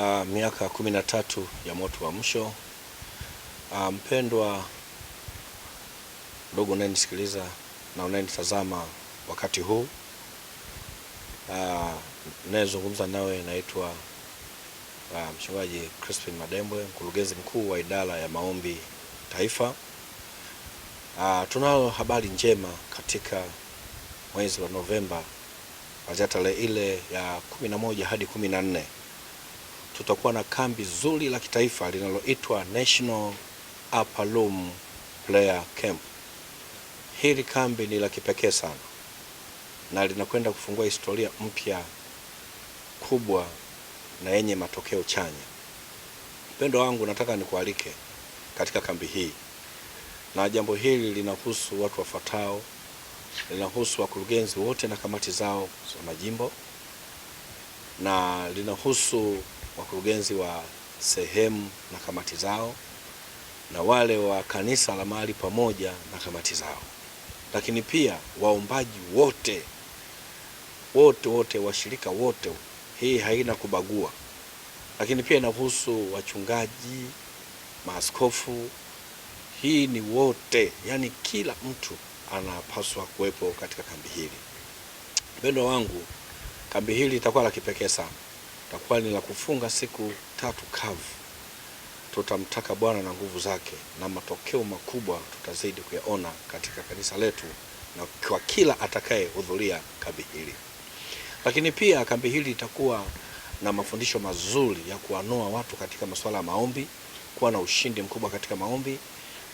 Uh, miaka kumi na tatu ya moto wa msho. Uh, ah, mpendwa ndugu unayenisikiliza na unayenitazama wakati huu, uh, ah, nayezungumza nawe naitwa uh, mchungaji Crispin Madembwe, mkurugenzi mkuu wa idara ya maombi taifa. Uh, tunayo habari njema katika mwezi wa Novemba kuanzia tarehe ile ya kumi na moja hadi kumi na nne tutakuwa na kambi zuri la kitaifa linaloitwa National Upper Room Player Camp. Hili kambi ni la kipekee sana na linakwenda kufungua historia mpya kubwa na yenye matokeo chanya. Mpendo wangu, nataka nikualike katika kambi hii, na jambo hili linahusu watu wafuatao: linahusu wakurugenzi wote na kamati zao za majimbo, na linahusu wakurugenzi wa sehemu na kamati zao na wale wa kanisa la mahali pamoja na kamati zao, lakini pia waombaji wote wote wote, washirika wote. Hii haina kubagua, lakini pia inahusu wachungaji, maaskofu. Hii ni wote, yani kila mtu anapaswa kuwepo katika kambi hili. mpendo wangu, kambi hili litakuwa la kipekee sana itakuwa ni la kufunga siku tatu kavu, tutamtaka Bwana na nguvu zake, na matokeo makubwa tutazidi kuyaona katika kanisa letu na kwa kila atakayehudhuria kambi hili. Lakini pia kambi hili itakuwa na mafundisho mazuri ya kuanoa watu katika masuala ya maombi, kuwa na ushindi mkubwa katika maombi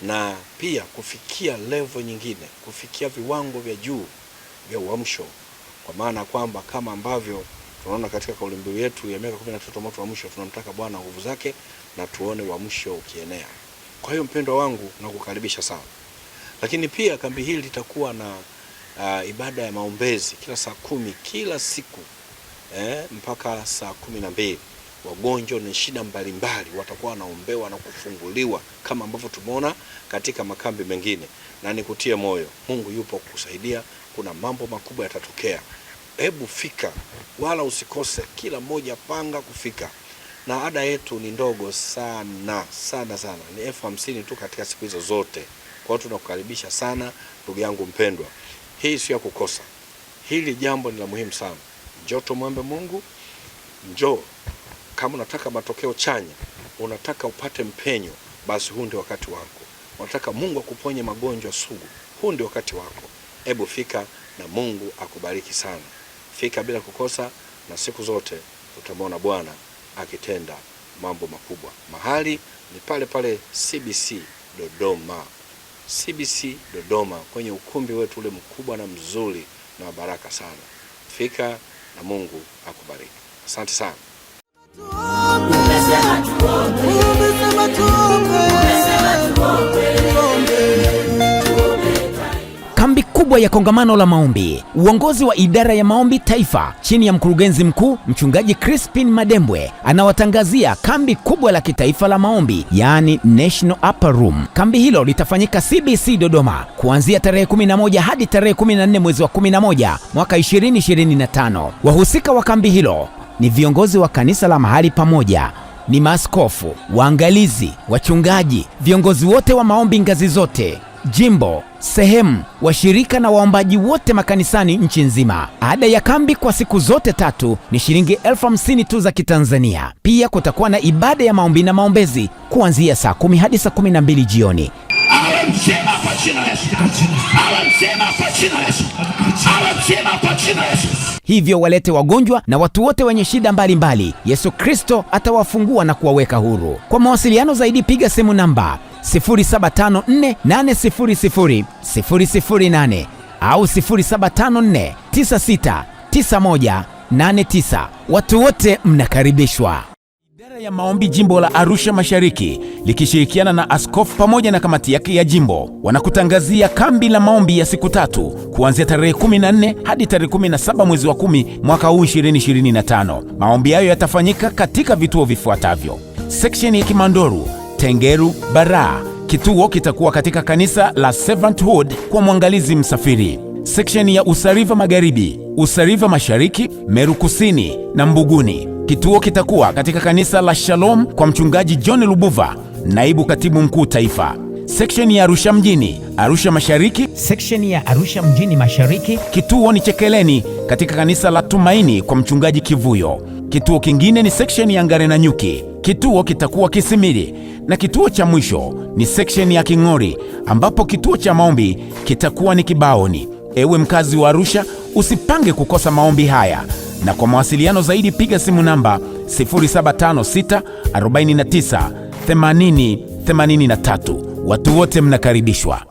na pia kufikia levo nyingine, kufikia viwango vya juu vya uamsho, kwa maana kwamba kama ambavyo tunaona katika kauli mbiu yetu ya miaka 13 moto wa mwisho, tunamtaka Bwana nguvu zake na tuone wa mwisho ukienea. Kwa hiyo mpendwa wangu, nakukaribisha sana, lakini pia kambi hili litakuwa na uh, ibada ya maombezi kila saa kumi kila siku eh, mpaka saa kumi na mbili. Wagonjwa na shida mbalimbali watakuwa wanaombewa na kufunguliwa kama ambavyo tumeona katika makambi mengine, na nikutie moyo, Mungu yupo kukusaidia. Kuna mambo makubwa yatatokea hebu fika, wala usikose. Kila mmoja panga kufika, na ada yetu ni ndogo sana sana sana, ni elfu hamsini tu katika siku hizo zote. Kwa hiyo tunakukaribisha sana ndugu yangu mpendwa, hii sio ya kukosa. Hili jambo ni la muhimu sana. Njoo tumwombe Mungu, njoo kama unataka matokeo chanya, unataka upate mpenyo, basi huu ndio wakati wako. Unataka Mungu akuponye magonjwa sugu, huu ndio wakati wako. Hebu fika na Mungu akubariki sana fika bila kukosa, na siku zote utamwona Bwana akitenda mambo makubwa. Mahali ni pale pale CBC Dodoma, CBC Dodoma, kwenye ukumbi wetu ule mkubwa na mzuri na wa baraka sana. Fika na Mungu akubariki. Asante sana. kubwa ya kongamano la maombi. Uongozi wa idara ya maombi taifa chini ya mkurugenzi mkuu mchungaji Crispin Madembwe anawatangazia kambi kubwa la kitaifa la maombi, yaani National Upper Room. Kambi hilo litafanyika CBC Dodoma kuanzia tarehe 11 hadi tarehe 14 mwezi wa 11 mwaka 2025. Wahusika wa kambi hilo ni viongozi wa kanisa la mahali pamoja ni maaskofu, waangalizi, wachungaji, viongozi wote wa maombi ngazi zote, jimbo, sehemu, washirika na waombaji wote makanisani nchi nzima. Ada ya kambi kwa siku zote tatu ni shilingi elfu hamsini tu za Kitanzania. Pia kutakuwa na ibada ya maombi na maombezi kuanzia saa kumi hadi saa kumi na mbili jioni. Hivyo walete wagonjwa na watu wote wenye shida mbalimbali. Yesu Kristo atawafungua na kuwaweka huru. Kwa mawasiliano zaidi piga simu namba 0754800008 au 0754969189. Watu wote mnakaribishwa. Idara ya maombi jimbo la Arusha Mashariki likishirikiana na askofu pamoja na kamati yake ya jimbo wanakutangazia kambi la maombi ya siku tatu kuanzia tarehe 14 hadi tarehe 17 mwezi wa 10 mwaka huu 2025. Maombi hayo yatafanyika katika vituo vifuatavyo: seksheni ya Kimandoru Tengeru Bara. Kituo kitakuwa katika kanisa la Hood kwa mwangalizi Msafiri, seksheni ya Usariva Magharibi, Usariva Mashariki, Meru Kusini na Mbuguni. Kituo kitakuwa katika kanisa la Shalom kwa mchungaji John Lubuva, naibu katibu mkuu taifa. Seksheni ya Arusha mjini, Arusha Mashariki, seksheni ya Arusha mjini Mashariki. Kituo ni Chekeleni katika kanisa la Tumaini kwa mchungaji Kivuyo. Kituo kingine ni section ya Ngare na Nyuki. Kituo kitakuwa Kisimili, na kituo cha mwisho ni section ya King'ori, ambapo kituo cha maombi kitakuwa ni Kibaoni. Ewe mkazi wa Arusha, usipange kukosa maombi haya, na kwa mawasiliano zaidi piga simu namba 0756 49 80 83. Watu wote mnakaribishwa.